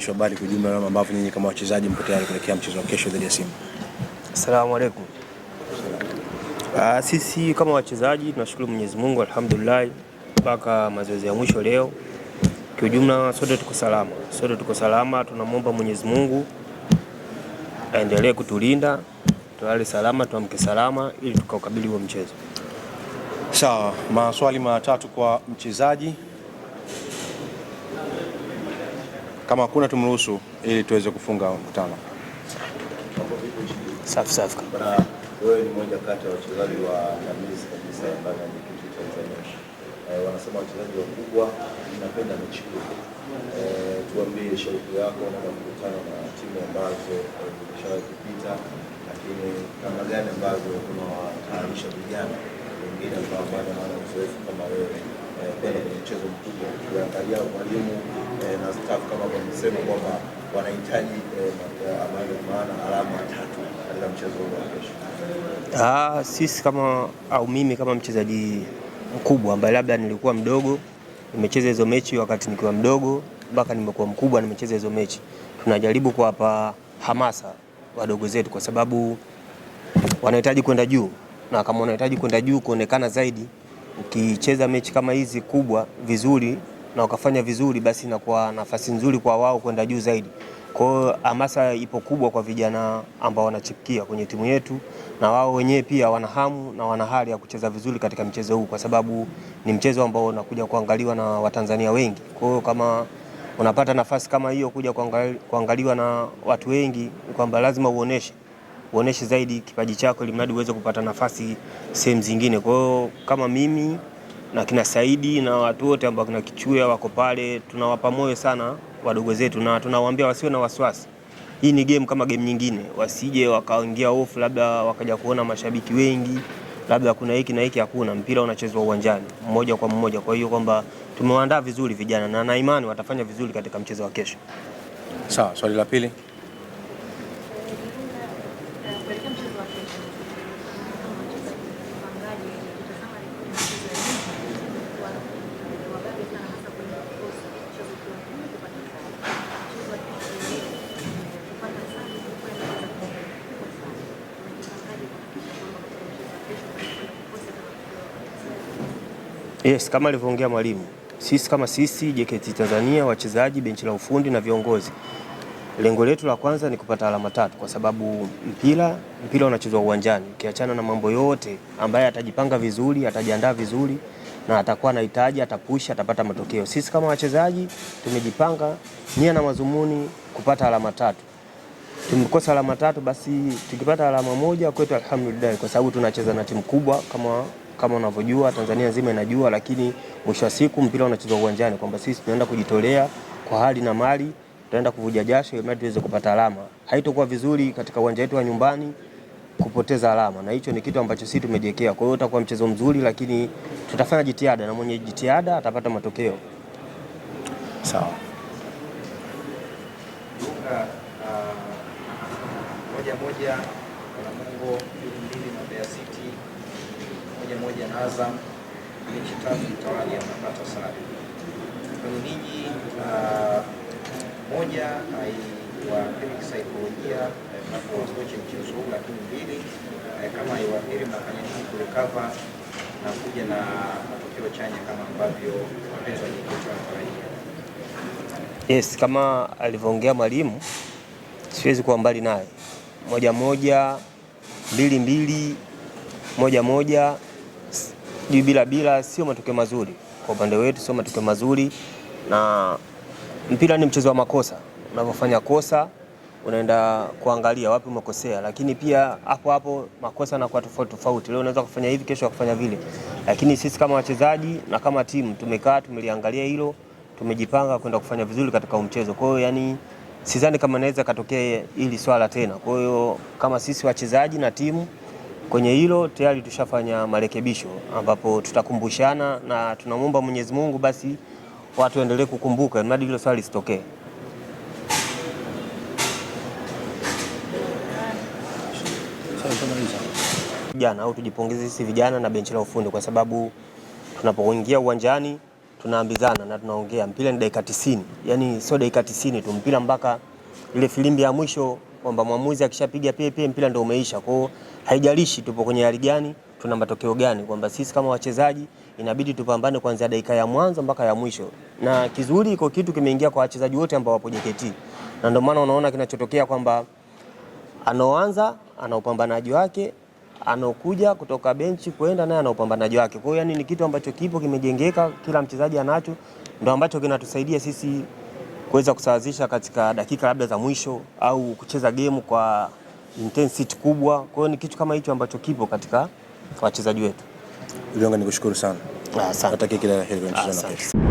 Habari kwa jumla na ambavyo nyinyi kama wachezaji mko tayari kuelekea mchezo wa kesho dhidi ya Simba. Asalamu alaykum. Ah, sisi kama wachezaji tunashukuru Mwenyezi Mungu alhamdulillah mpaka mazoezi ya mwisho leo. Kwa jumla sote tuko salama. Sote tuko salama, tunamwomba Mwenyezi Mungu aendelee kutulinda, tulale salama, tuamke salama ili tukaukabili huo mchezo. Sawa, maswali matatu kwa mchezaji kama hakuna tumruhusu, ili tuweze kufunga mkutano. Safi safi. Wewe ni mmoja kati ya wachezaji wa namizi kabisa ndani ya cha Tanzania. Eh, wanasema wachezaji wakubwa ninapenda mechi kubwa. Eh, tuambie shauku yako na mkutano na timu ambazo eh, kupita, lakini kama gani ambazo tunawatayarisha vijana wengine ambao bado wana kwenda kwenye mchezo mkubwa, ukiangalia mwalimu e, na staff kama wamesema kwamba wanahitaji eh, maana alama tatu katika mchezo wa kesho. Ah, sisi kama au mimi kama mchezaji mkubwa ambaye labda nilikuwa mdogo, nimecheza hizo mechi wakati nikiwa mdogo mpaka nimekuwa mkubwa, nimecheza hizo mechi, tunajaribu kuwapa hamasa wadogo zetu, kwa sababu wanahitaji kwenda juu, na kama wanahitaji kwenda juu kuonekana zaidi ukicheza mechi kama hizi kubwa vizuri na ukafanya vizuri, basi inakuwa nafasi nzuri kwa wao kwenda juu zaidi. Kwa hiyo hamasa ipo kubwa kwa vijana ambao wanachipukia kwenye timu yetu, na wao wenyewe pia wana hamu na wana hali ya kucheza vizuri katika mchezo huu, kwa sababu ni mchezo ambao unakuja kuangaliwa na Watanzania wengi. Kwa hiyo kama unapata nafasi kama hiyo kuja kuangaliwa na watu wengi, kwamba lazima uoneshe uoneshe zaidi kipaji chako ili mradi uweze kupata nafasi sehemu zingine. Kwa hiyo kama mimi na kina Saidi na watu wote ambao kina Kichuya wako pale, tunawapa moyo sana wadogo zetu na tunawaambia wasiwe na wasiwasi. Hii ni game kama game nyingine, wasije wakaingia hofu, labda wakaja kuona mashabiki wengi, labda kuna hiki na hiki. Hakuna, mpira unachezwa uwanjani mmoja kwa mmoja. Kwa hiyo kwamba tumewaandaa vizuri vijana na na imani watafanya vizuri katika mchezo wa kesho. Sawa, swali la pili. Yes, kama alivyoongea mwalimu, sisi kama sisi JKT Tanzania, wachezaji, benchi la ufundi na viongozi, lengo letu la kwanza ni kupata alama tatu, kwa sababu mpira mpira unachezwa uwanjani. Ukiachana na mambo yote, ambaye atajipanga vizuri, atajiandaa vizuri na atakuwa anahitaji, atapusha, atapata matokeo. Sisi kama wachezaji tumejipanga nia na mazumuni kupata alama tatu. Tumekosa alama tatu, basi tukipata alama moja kwetu alhamdulillah, kwa sababu tunacheza na timu kubwa kama kama unavyojua Tanzania nzima inajua, lakini mwisho wa siku mpira unachezwa uwanjani, kwamba sisi tunaenda kujitolea kwa hali na mali, tutaenda kuvuja jasho ili tuweze kupata alama. Haitokuwa vizuri katika uwanja wetu wa nyumbani kupoteza alama, na hicho ni kitu ambacho sisi tumejiwekea. Kwa hiyo utakuwa mchezo mzuri, lakini tutafanya jitihada na mwenye jitihada atapata matokeo sawa. Uh, uh, moja moja, Namungo mbili na Mbeya City janaza ile kitabu mtawali anapata sare kwenye ninyi. Uh, moja haiwaathiri ah, kisaikolojia eh, mnapowazoche mchezo huu, lakini mbili, eh, kama haiwaathiri mnafanya nini kurekava na kuja na matokeo chanya kama ambavyo wapenzi wa JKT wanatarajia? Yes, kama alivyoongea mwalimu, siwezi kuwa mbali naye. Moja moja mbili mbili moja moja bila bila sio matokeo mazuri kwa upande wetu, sio matokeo mazuri, na mpira ni mchezo wa makosa. Unavyofanya kosa unaenda kuangalia wapi umekosea, lakini pia hapo hapo makosa yanakuwa tofauti tofauti. Leo unaweza kufanya hivi, kesho kufanya vile, lakini sisi kama wachezaji na kama timu tumekaa, tumeliangalia hilo, tumejipanga kwenda kufanya vizuri katika mchezo. Kwa hiyo yani sidhani kama inaweza katokea hili swala tena. Kwa hiyo kama sisi wachezaji na timu Kwenye hilo tayari tushafanya marekebisho ambapo tutakumbushana na tunamwomba Mwenyezi Mungu basi watu waendelee kukumbuka mradi hilo swali lisitokee. Vijana au tujipongeze sisi vijana na benchi la ufundi kwa sababu tunapoingia uwanjani tunaambizana na tunaongea, mpira ni dakika 90, yaani sio dakika 90 tu mpira mpaka ile filimbi ya mwisho kwamba mwamuzi akishapiga pepe mpira ndio umeisha. Kwa hiyo haijalishi tupo kwenye hali gani, tuna matokeo gani, kwamba sisi kama wachezaji inabidi tupambane kuanzia dakika ya mwanzo mpaka ya mwisho. Na kizuri iko kitu kimeingia kwa wachezaji wote ambao wapo JKT, na ndio maana unaona kinachotokea kwamba anaoanza ana upambanaji wake anaokuja kutoka benchi kwenda naye ana upambanaji wake. Kwa hiyo yani ni kitu ambacho kipo kimejengeka, kila mchezaji anacho, ndio ambacho kinatusaidia sisi kuweza kusawazisha katika dakika labda za mwisho au kucheza gemu kwa intensity kubwa. Kwa hiyo ni kitu kama hicho ambacho kipo katika wachezaji wetu. Nikushukuru sana. Asante. Natakia kila la heri.